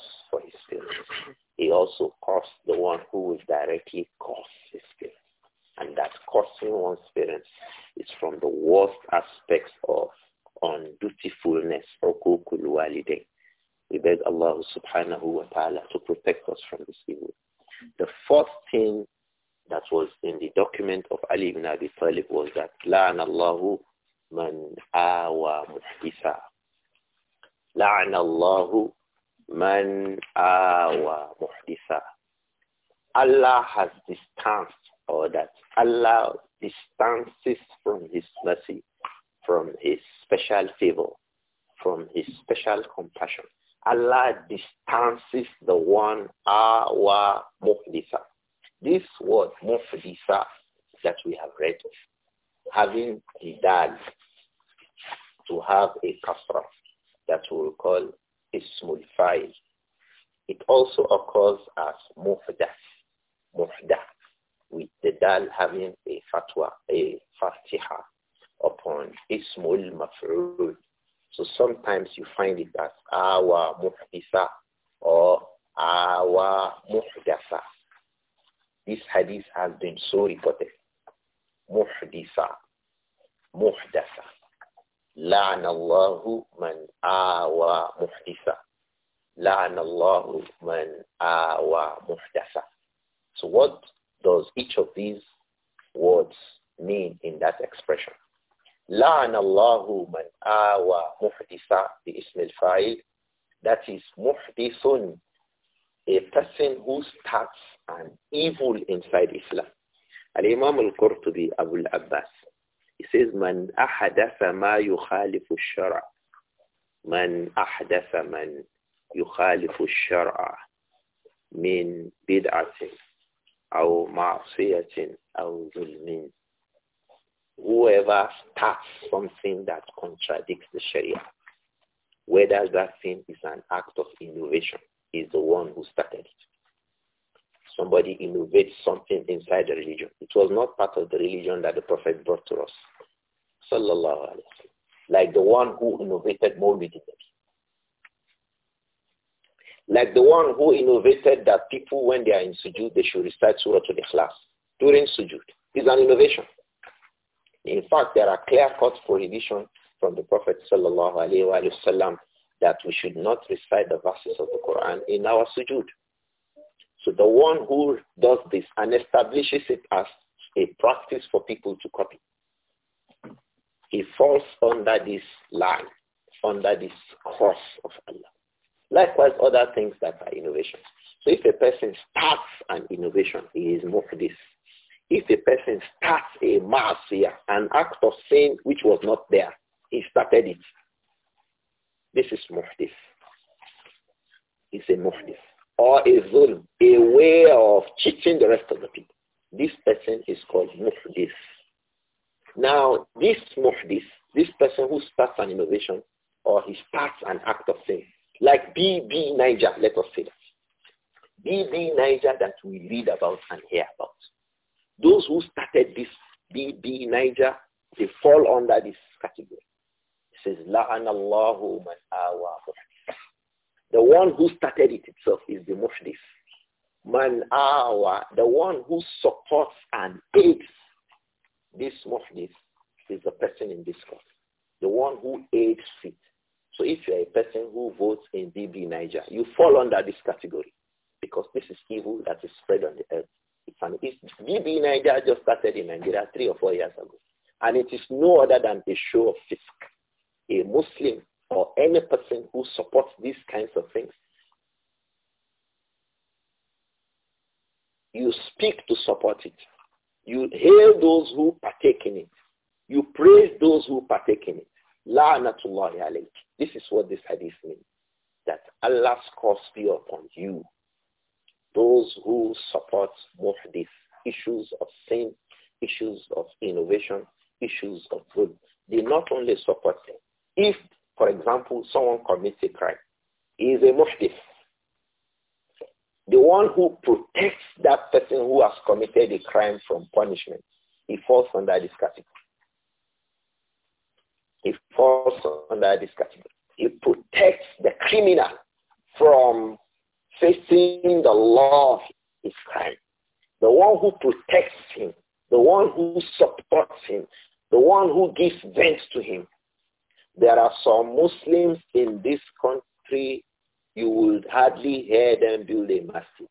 [SPEAKER 1] He also cursed the one who will directly curse his spirit, And that cursing one's parents is from the worst aspects of undutifulness or kukulwalide. We beg Allah subhanahu wa ta'ala to protect us from this evil. The fourth thing that was in the document of Ali ibn Abi Talib was that لعن Allahu man awa محدثا لعن Allahu Man awa muhdisa. Allah has distanced or that Allah distances from his mercy, from his special favor, from his special compassion. Allah distances the one awa having a fatwa, a fatiha upon Ismul Maf'ul. So sometimes you find it as awa muhdisa or awa muhdasa. This hadith has been so reported. Muhdisa. Muhdasa. لعن الله من آوى محدثا لعن الله من آوى محدثا So what does each of these words mean in that expression. لعن الله من آوى bi باسم fa'il. that is muhdithun, a person who starts an evil inside Islam. Al-Imam al-Qurtubi Abu al-Abbas, he says, man ahadatha ma yukhalifu shara man ahadatha man yukhalifu shara min bid'atin أو معصية أو ظلم whoever starts something that contradicts the Sharia, whether that thing is an act of innovation, is the one who started it. Somebody innovates something inside the religion. It was not part of the religion that the Prophet brought to us. Sallallahu Alaihi. Like the one who innovated Mawlid the like the one who innovated that people, when they are in sujud, they should recite Surah to the class during sujud. It's an innovation. In fact, there are clear-cut prohibitions from the Prophet wasallam that we should not recite the verses of the Quran in our sujud. So the one who does this and establishes it as a practice for people to copy, he falls under this line, under this curse of Allah. Likewise, other things that are innovations. So if a person starts an innovation, he is muhdis. If a person starts a here, an act of sin which was not there, he started it. This is muhdis. It's a muhdis. Or a a way of cheating the rest of the people. This person is called muhdis. Now, this muhdis, this person who starts an innovation or he starts an act of sin, like BB Niger, let us say that. BB Niger that we read about and hear about. Those who started this BB Niger, they fall under this category. It says, لَعَنَ اللَّهُ مَنْ The one who started it itself is the muftis. Man awa, the one who supports and aids this muftis is the person in this court. The one who aids it so if you're a person who votes in DB Niger, you fall under this category because this is evil that is spread on the earth. It's an, it's, DB Niger just started in Nigeria three or four years ago. And it is no other than a show of fisk. A Muslim or any person who supports these kinds of things, you speak to support it. You hail those who partake in it. You praise those who partake in it. This is what this hadith means. That Allah's curse be upon you. Those who support muhdith, issues of sin, issues of innovation, issues of good, they not only support them. If, for example, someone commits a crime, he is a muhdith. The one who protects that person who has committed a crime from punishment, he falls under this category. It falls under this category. It protects the criminal from facing the law of his crime. The one who protects him, the one who supports him, the one who gives vent to him. There are some Muslims in this country, you would hardly hear them build a masjid.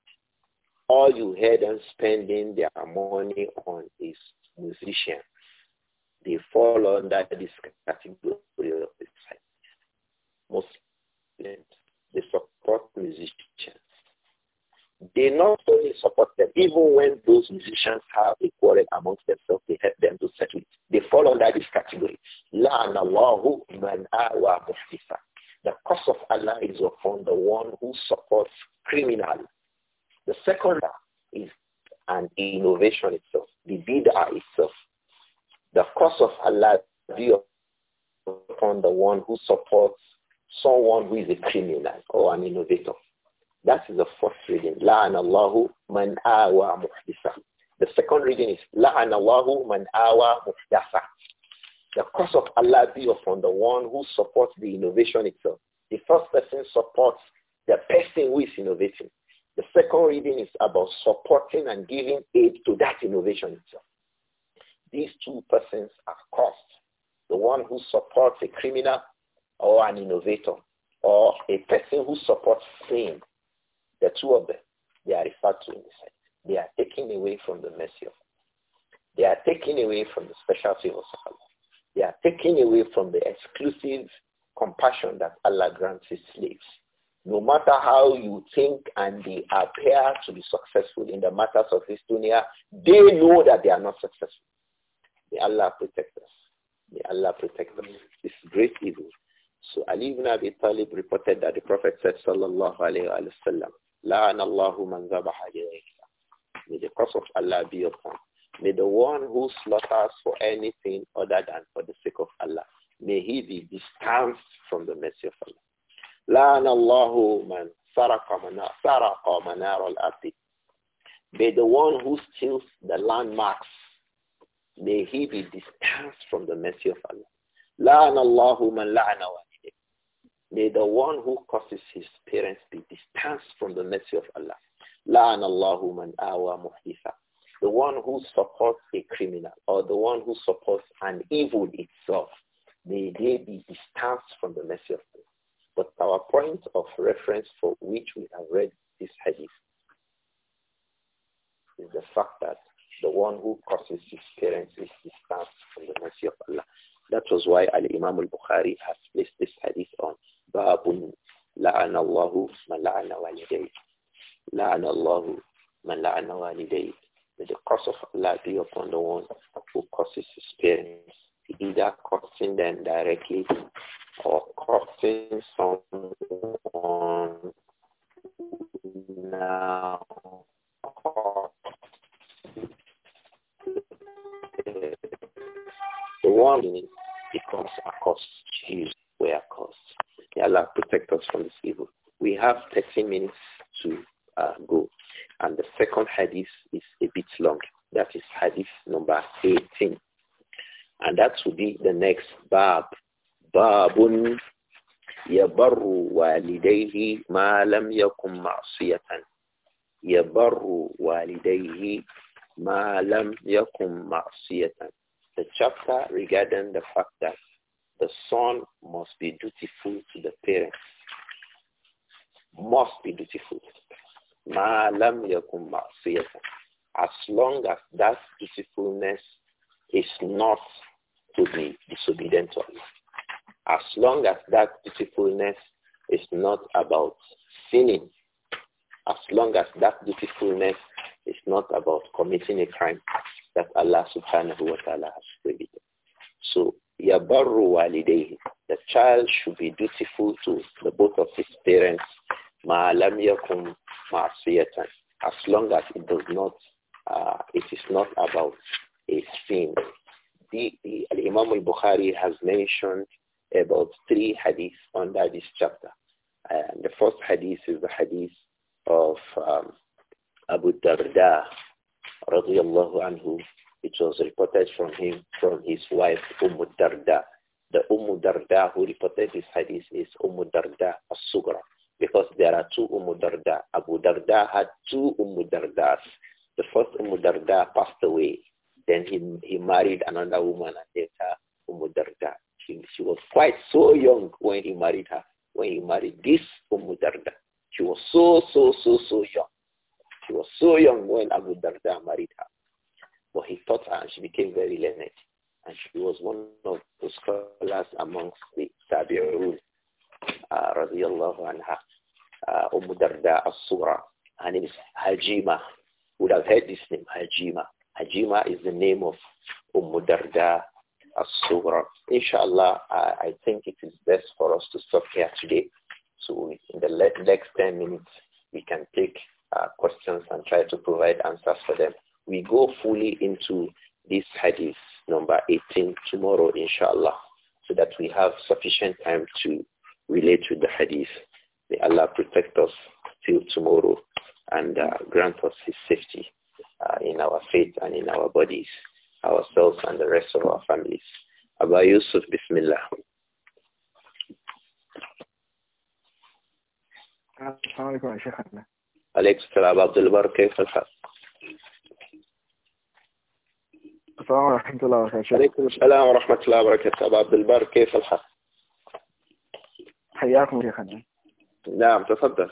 [SPEAKER 1] All you hear them spending their money on is musicians they fall under this category of disciples. Muslims, they support musicians. They not only support them, even when those musicians have a quarrel amongst themselves, they help them to settle it. They fall under this category. The curse of Allah is upon the one who supports criminal. The second is an innovation itself, the bid'ah itself. The curse of Allah be upon the one who supports someone who is a criminal or an innovator. That is the first reading. La'an man awa muhdisa. The second reading is La'an man awa muhdasa. The curse of Allah be upon the one who supports the innovation itself. The first person supports the person who is innovating. The second reading is about supporting and giving aid to that innovation itself. These two persons are cursed. The one who supports a criminal or an innovator or a person who supports sin, the two of them, they are referred to in the sense. They are taken away from the mercy of Allah. They are taken away from the special favors of Allah. They are taken away from the exclusive compassion that Allah grants his slaves. No matter how you think and they appear to be successful in the matters of this dunya, they know that they are not successful. May Allah protect us. May Allah protect us. This great evil. So Ali ibn Abi Talib reported that the Prophet said, Sallallahu alayhi wa sallam, La'an Allahu man zabaha May the curse of Allah be upon. May the one who slaughters for anything other than for the sake of Allah, may he be distanced from the mercy of Allah. لعن الله من man منا سرق al الأرض. May the one who steals the landmarks May he be distanced from the mercy of Allah. May the one who causes his parents be distanced from the mercy of Allah. لَعَنَ The one who supports a criminal or the one who supports an evil itself, may they be distanced from the mercy of Allah. But our point of reference for which we have read this hadith is the fact that the one who causes his parents is distanced from the mercy of Allah. That was why Al-Imam al-Bukhari has placed this hadith on Babun La'ana Allahu man la'ana walidayt. La'ana Allahu man la'ana والديه. May the curse of Allah be upon the one who causes his parents, either cursing them directly or cursing someone now the one becomes accursed. Jews were accursed. May Allah protect us from this evil. We have 30 minutes to uh, go. And the second hadith is a bit long. That is hadith number 18. And that will be the next bab. Babun yabarru walidayhi ma lam yakun ma'siyatan. Yabarru walidayhi ma lam yakum ma'siyatan. The chapter regarding the fact that the son must be dutiful to the parents. Must be dutiful. Ma lam yakum ma'siyatan. As long as that dutifulness is not to be disobedient to Allah. As long as that dutifulness is not about sinning. As long as that dutifulness it's not about committing a crime that Allah subhanahu wa ta'ala has prohibited. So, yabarru walidayhi. The child should be dutiful to the both of his parents, ma'alam yakum ma'asiyatan. As long as it does not, uh, it is not about a sin. The, the Imam al-Bukhari has mentioned about three hadiths under this chapter. And the first hadith is the hadith of um, Abu Darda, radiallahu anhu, it was reported from him, from his wife, Umm Darda. The Umm Darda who reported this hadith is Umm Darda as-Sugra, because there are two Umm Darda. Abu Darda had two Umm Dardas. The first Umm Darda passed away. Then he, he married another woman and named her Darda. She, she was quite so young when he married her, when he married this Umm Darda. She was so, so, so, so young. She was so young when Abu Darda married her. But he taught her and she became very learned. And she was one of the scholars amongst the Tabi'un, uh, radiallahu anha, uh, Umm Darda As-Sura. Her name is Hajima. would have heard this name, Hajima. Hajima is the name of Umm Darda as sura Inshallah, I, I, think it is best for us to stop here today. So in the next 10 minutes, we can take uh, questions and try to provide answers for them. We go fully into this hadith number 18 tomorrow, inshallah, so that we have sufficient time to relate to the hadith. May Allah protect us till tomorrow and uh, grant us his safety uh, in our faith and in our bodies, ourselves and the rest of our families. Abba Yusuf, Bismillah. السلام عليكم يا شيخنا عليك السلام عبد البر كيف الحال السلام ورحمة الله وبركاته عليكم السلام ورحمة الله وبركاته أبو عبد البر كيف الحال حياكم شيخنا نعم تفضل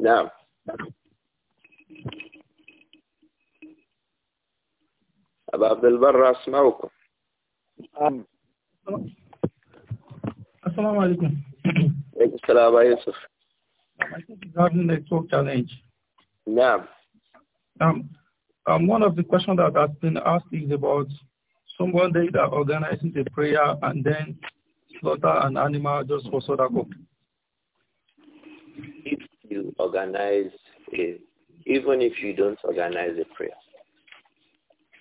[SPEAKER 1] نعم أبو عبد البر أسمعكم Assalamu alaikum. Assalamu Yusuf. I think regarding network challenge. Yeah. Um, um, one of the questions that has been asked is about someone they that organizing the prayer and then slaughter an animal just for sodako. If you organize a, even if you don't organize a prayer,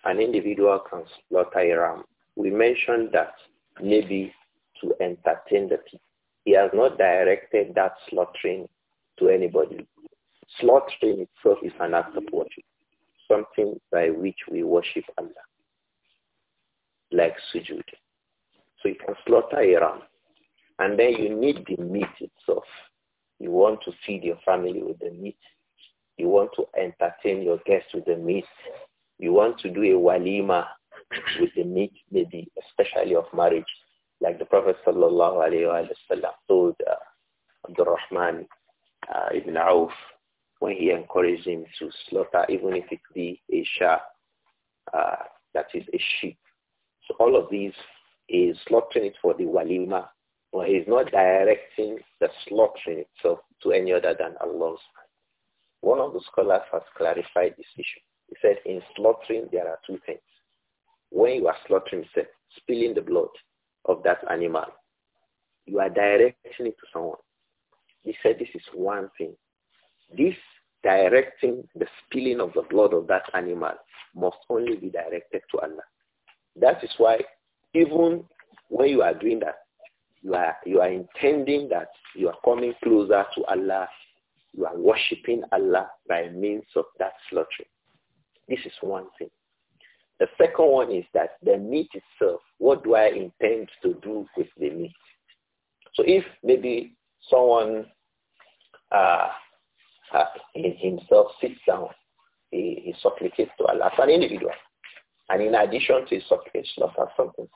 [SPEAKER 1] an individual can slaughter a ram. We mentioned that maybe to entertain the people. He has not directed that slaughtering to anybody. Slaughtering itself is an act of worship, something by which we worship Allah, like sujud. So you can slaughter a ram, and then you need the meat itself. You want to feed your family with the meat. You want to entertain your guests with the meat. You want to do a walima with the meat, maybe especially of marriage. Like the Prophet sallallahu alayhi wa sallam told uh, Abdul Rahman uh, ibn Auf when he encouraged him to slaughter even if it be a uh, that is a sheep. So all of these is slaughtering it for the walima, but he's not directing the slaughtering itself to any other than Allah's One of the scholars has clarified this issue. He said in slaughtering there are two things. When you are slaughtering, said, spilling the blood, of that animal. You are directing it to someone. He said this is one thing. This directing the spilling of the blood of that animal must only be directed to Allah. That is why even when you are doing that, you are, you are intending that you are coming closer to Allah. You are worshipping Allah by means of that slaughter. This is one thing. The second one is that the meat itself, what do I intend to do with the meat? So if maybe someone uh, uh, himself sits down, he, he supplicates to Allah as an individual. And in addition to his supplication of something,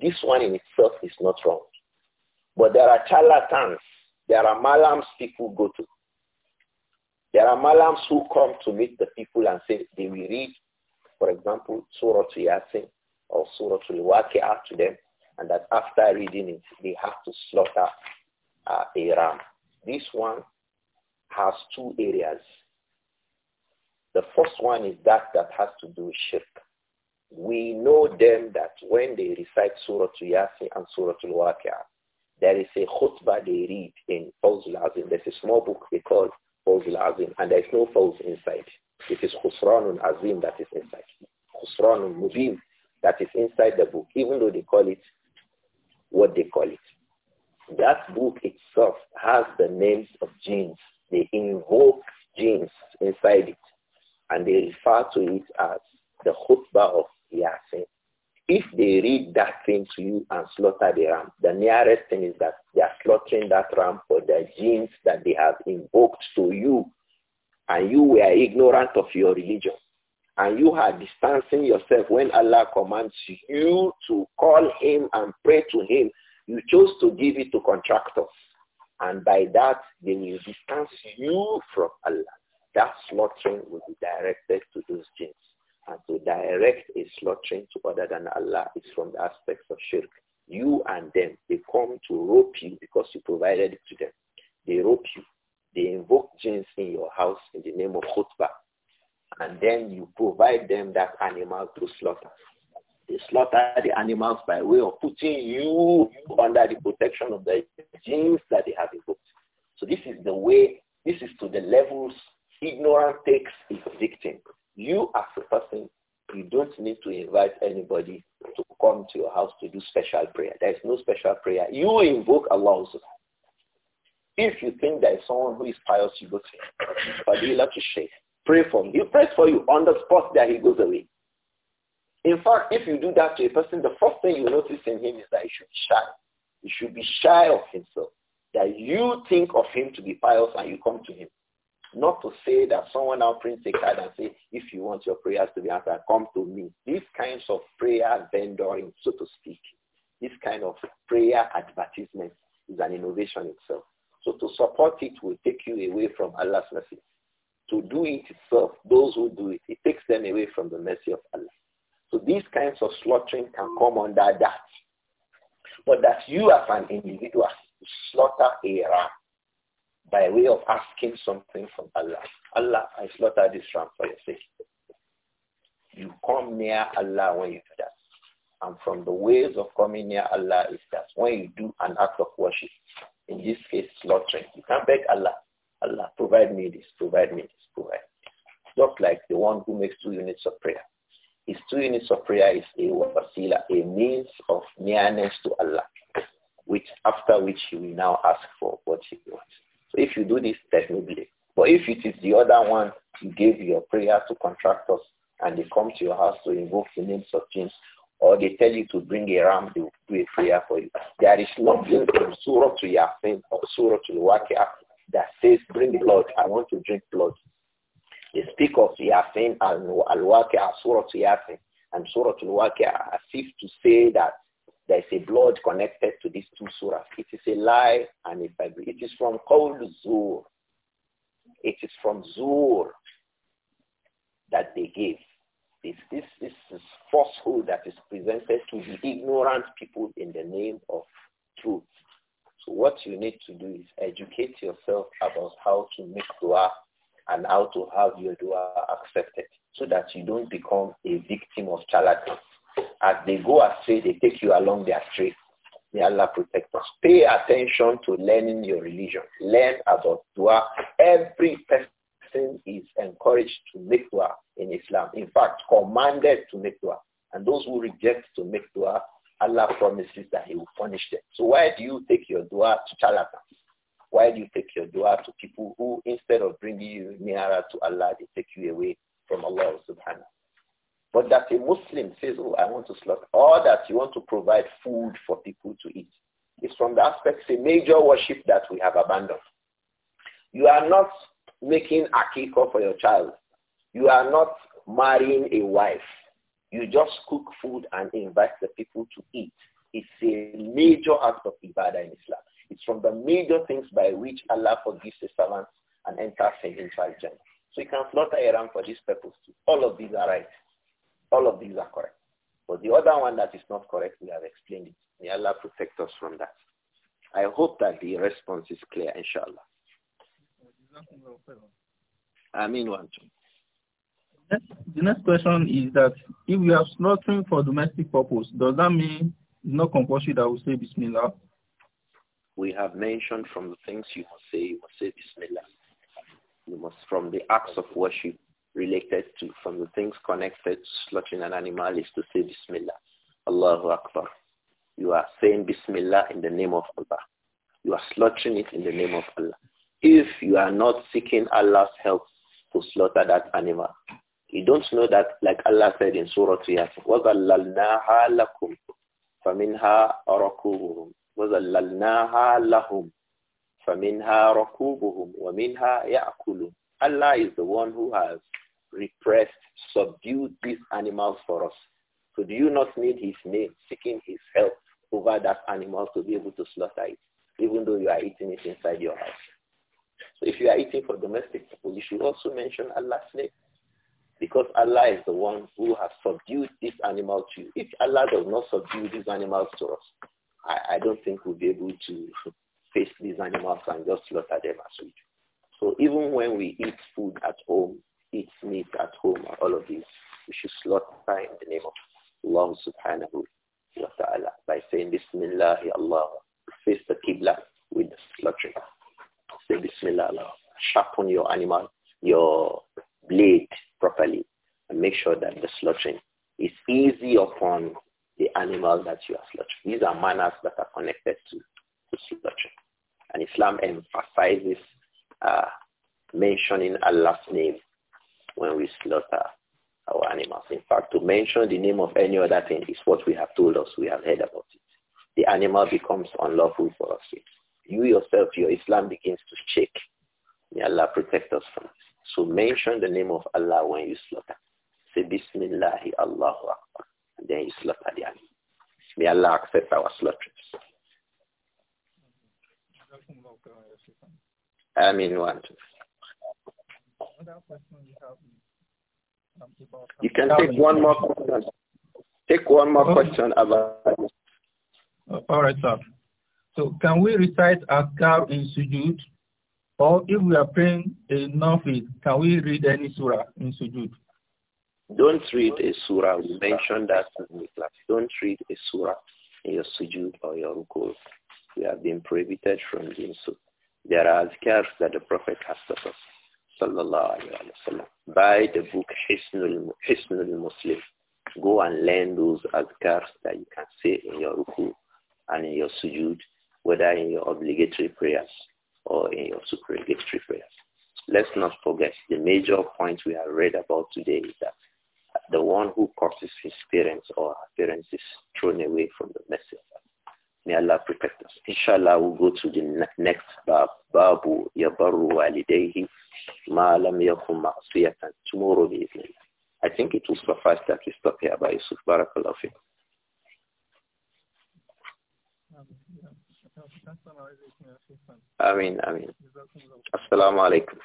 [SPEAKER 1] this one in itself is not wrong. But there are charlatans, there are malams people go to. There are malams who come to meet the people and say they will read for example, Surah Yasin or Surah Al-Waqi'ah to them, and that after reading it, they have to slaughter uh, a ram. This one has two areas. The first one is that that has to do with shirk. We know them that when they recite Surah Yasin and Surah Al-Waqi'ah, there is a khutbah they read in Fawzul Azim. There's a small book they call Fawzul Azim, and there's no Fawz inside. It is Khusranun Azim that is inside. Khusranun Mubin that is inside the book, even though they call it what they call it. That book itself has the names of genes. They invoke genes inside it, and they refer to it as the khutbah of Yasin. If they read that thing to you and slaughter the ram, the nearest thing is that they are slaughtering that ram for the genes that they have invoked to you and you were ignorant of your religion and you are distancing yourself when Allah commands you to call him and pray to him, you chose to give it to contractors. And by that, they will distance you from Allah. That slaughtering will be directed to those jinns. And to direct a slaughtering to other than Allah is from the aspects of shirk. You and them, they come to rope you because you provided it to them. They rope you. They invoke jinns in your house in the name of khutbah. And then you provide them that animal to slaughter. They slaughter the animals by way of putting you under the protection of the jinns that they have invoked. So this is the way, this is to the levels ignorance takes its victim. You as a person, you don't need to invite anybody to come to your house to do special prayer. There is no special prayer. You invoke Allah subhanahu if you think there is someone who is pious, you go to him. But you love to shake. Pray for him. He prays for you on the spot that he goes away. In fact, if you do that to a person, the first thing you notice in him is that he should be shy. He should be shy of himself. That you think of him to be pious and you come to him. Not to say that someone now prints a card and say, if you want your prayers to be answered, come to me. These kinds of prayer vendoring, so to speak, this kind of prayer advertisement is an innovation itself. So to support it will take you away from Allah's mercy. To do it itself, those who do it, it takes them away from the mercy of Allah. So these kinds of slaughtering can come under that. But that you as an individual slaughter a ram by way of asking something from Allah. Allah, I slaughter this ram for your sake. You come near Allah when you do that. And from the ways of coming near Allah is that when you do an act of worship, in this case, slaughtering. You can beg Allah, Allah, provide me this, provide me this, provide. Just like the one who makes two units of prayer. His two units of prayer is a wasila, a means of nearness to Allah, which after which he will now ask for what he wants. So if you do this, there's no But if it is the other one, you give your prayer to contractors and they come to your house to invoke the names of jinns or they tell you to bring a ram, they will do a prayer for you. There is nothing in Surah to Yasin or Surah to Waqia that says, bring blood, I want to drink blood. They speak of Yasin and al waqia Surah to Yasin and Surah to Waqia as if to say that there is a blood connected to these two surahs. It is a lie and a fabric. It is from Qawl Zur. It is from Zur that they gave. This, this, this is falsehood that is presented to the ignorant people in the name of truth. So what you need to do is educate yourself about how to make dua and how to have your dua accepted so that you don't become a victim of charlatans. As they go astray, they take you along their street. May Allah protect us. Pay attention to learning your religion. Learn about dua. Every person sin is encouraged to make dua in Islam. In fact, commanded to make dua. And those who reject to make dua, Allah promises that he will punish them. So why do you take your dua to charlatans? Why do you take your dua to people who, instead of bringing you nearer to Allah, they take you away from Allah subhanahu but that a Muslim says, oh, I want to slaughter, All that you want to provide food for people to eat, is from the aspects a major worship that we have abandoned. You are not making a kiko for your child. You are not marrying a wife. You just cook food and invite the people to eat. It's a major act of ibadah in Islam. It's from the major things by which Allah forgives the servants and enters him into Al-Jannah. So you can flutter around for this purpose too. All of these are right. All of these are correct. But the other one that is not correct, we have explained it. May Allah protect us from that. I hope that the response is clear, inshallah. I mean one. The next question is that if we are slaughtering for domestic purpose, does that mean it's not compulsory that we say Bismillah? We have mentioned from the things you must say, you must say Bismillah. You must, from the acts of worship related to, from the things connected to slaughtering an animal is to say Bismillah. Allahu Akbar. You are saying Bismillah in the name of Allah. You are slaughtering it in the name of Allah if you are not seeking Allah's help to slaughter that animal. You don't know that, like Allah said in Surah Yasin, وَظَلَّلْنَاهَا لَكُمْ فَمِنْهَا رَكُوبُهُمْ وَظَلَّلْنَاهَا لَهُمْ فَمِنْهَا رَكُوبُهُمْ وَمِنْهَا يَأْكُلُونَ Allah is the one who has repressed, subdued these animals for us. So do you not need his name, seeking his help over that animal to be able to slaughter it, even though you are eating it inside your house? So if you are eating for domestic people, you should also mention Allah's name. Because Allah is the one who has subdued this animal to you. If Allah does not subdue these animals to us, I, I don't think we'll be able to [laughs] face these animals and just slaughter them as we do. So even when we eat food at home, eat meat at home, all of these, we should slaughter in the name of Allah subhanahu wa ta'ala by saying Bismillah, Allah, face the Qibla with the slaughtering. Say Bismillah Allah. Sharpen your animal, your blade properly and make sure that the slaughtering is easy upon the animal that you are slaughtering. These are manners that are connected to, to slaughtering. And Islam emphasizes uh, mentioning Allah's name when we slaughter our animals. In fact, to mention the name of any other thing is what we have told us we have heard about it. The animal becomes unlawful for us. It's you yourself, your Islam begins to shake. May Allah protect us from this. So mention the name of Allah when you slaughter. Say Bismillahi Allahu Akbar. And then you slaughter the animal. May Allah accept our slaughterings. I mean one. You can take one more question. Take one more question about. All right, sir. So can we recite Azkar in sujud? Or if we are praying a nafil, can we read any surah in sujud? Don't read a surah. We mentioned that in the class. Don't read a surah in your sujud or your ruku. We have been prohibited from doing so. There are azkars that the Prophet has taught us, sallallahu alayhi wa sallam. Buy the book Hisnul, Hisnul Muslim. Go and learn those azkars that you can say in your ruku and in your sujud whether in your obligatory prayers or in your supererogatory prayers. Let's not forget the major point we have read about today is that the one who causes his parents or her parents is thrown away from the messenger. May Allah protect us. Inshallah, we'll go to the next bab. Babu yabaru walidayhi ma lam yakum ma'asiyatan. Tomorrow, I think it will suffice that we stop here by Yusuf. Barakallahu آمين آمين السلام عليكم